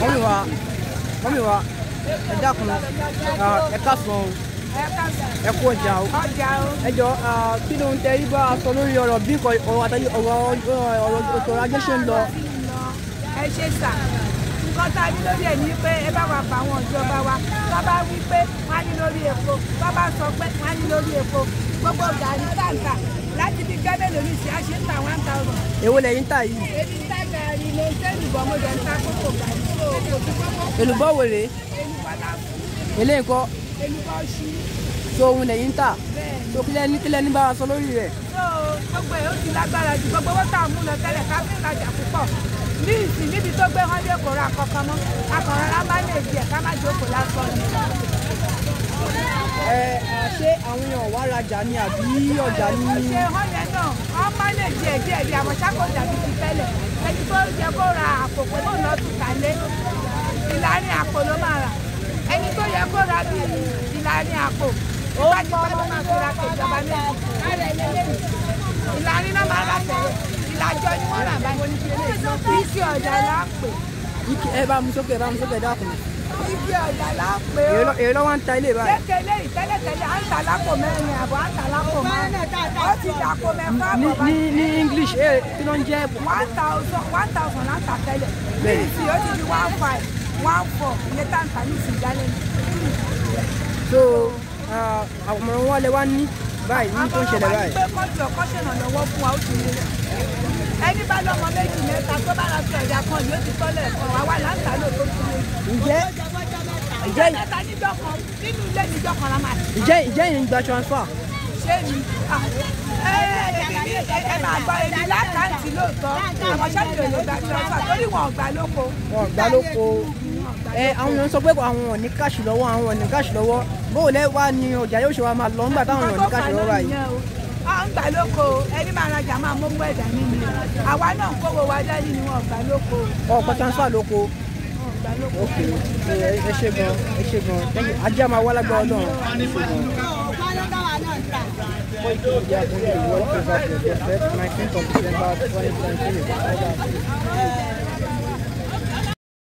mọ́mí wa mọ́mí wa ẹ dákun ẹ ká sàn ẹ kú ọjà o ẹ jọ kí ló ń tẹ yí bá a sọ lórí ọ̀rọ̀ bí ọ̀rọ̀ àtàyè ọ̀rọ̀ ọ̀rọ̀ ajé ṣe ń lọ. ẹ ṣe sà nǹkan tá a ní lórí ẹ̀ ní pé ẹ bá wa pa àwọn ìjọba wa tó bá wí pé wọ́n á ní lórí epo tó bá sọ pé wọ́n á ní lórí epo gbogbo gàrí tàǹtà lómi sí àṣẹ ń ta one thousand. èwo lẹ́yìn ta yìí. èmi ń ta gàrí mo ń tẹ́ èlùbọ́ mo jẹ́ ń ta kókò so kò sí kókò. ta. so kílẹ̀ ní kílẹ̀ ní bá wa sọ lórí gbogbo ẹ̀ ó ti lágbára ju gbogbo owó tá a mú lọ tẹ́lẹ̀ fi ń rajà púpọ̀ ní ìsìn níbi tó gbé wọn dé kò ra kankan mọ́ akọ̀rọ̀ má lè di ẹ̀ ká má jókòó lásán ni ṣé àwọn èèyàn wá rajà ni àbí ọjà ni. ṣe ọ̀nà náà wọ́n má lè díẹ̀ díẹ̀ bí àwọn ṣàkóso àti ti tẹ́lẹ̀ ẹni tó yẹ kó ra àpò pé kó lọ́ọ́ tún kálé ìlàrin àpò ló máa rà ẹni tó yẹ kó ra bí ìlàrin àpò ìbájúbá ló máa fi ra kejọba méjì ìlàrin náà máa rà tẹ̀lé ìlàjọ ni wọ́n rà báyìí kì ṣe ọjà láǹpẹ̀. ẹ bá mi sókè ẹ bá mi sókè dákun ibi ọ̀dà lápè o. èyí lọ́wọ́ ń ta ilé báyìí. kékeré ìtẹ́lẹ̀tẹ́lẹ̀ à ń ta lápò mẹ́rin àbọ̀ à ń ta lápò márùn ó ti dàpò mẹ́fà àbọ̀ báyìí. ní English ẹ eh, kí ló ń jẹ́ ẹ̀bùn. one thousand one thousand láń ta tẹ́lẹ̀ mílíìsì ó ti di one five one four iye tá ń ta ní ìsìn ìjálẹ̀ ni. so àwòrán wọn lè wá ní báyìí ní tó ń ṣẹlẹ̀ báyìí. àbọ̀wọ̀ wa ni pé kọ́ńtì ọ̀kọ́ṣẹ̀nà lọ́wọ́ fún wa ó ti nílẹ̀ ẹni bá lọ́mọ méjì mẹ́ta tó bá ra sí ọ̀dà ìjẹ́ ìjẹ́ta níjọ́ kan nínú ilé níjọ́ kan la máa ti. ìjẹ́ ìjẹ́ yìí ń gba transfer. ṣé mi ah, ẹ máa gbọ́ èmi látàǹtì lóòótọ́ àwọn sẹ́kìrì ló gba transfer torí wọn ò gbà lóko. wọn ò gbà lóko ẹ àwọn èèyàn sọ pé àwọn ò ní káàṣì lọ́wọ́ àwọn ò ní káàṣì lọ́wọ́ bó lẹ́ wá ni ọjà yóò ṣe wá máa lọ nígbà táwọn ò ní káàṣì lọ́wọ́ báyìí. à ń gbà lóko ẹni máa rajà máa mọ́mú ẹ̀dá nínú àwa náà kówó wa dání ni wọn ò gbà lóko. ọkọ̀ transfer lóko ẹ ṣe gan ẹ ṣe gan ajé máa wá lágbára náà ẹ ṣe gan. Point of the agreement is what is up to the 19th of December 2023.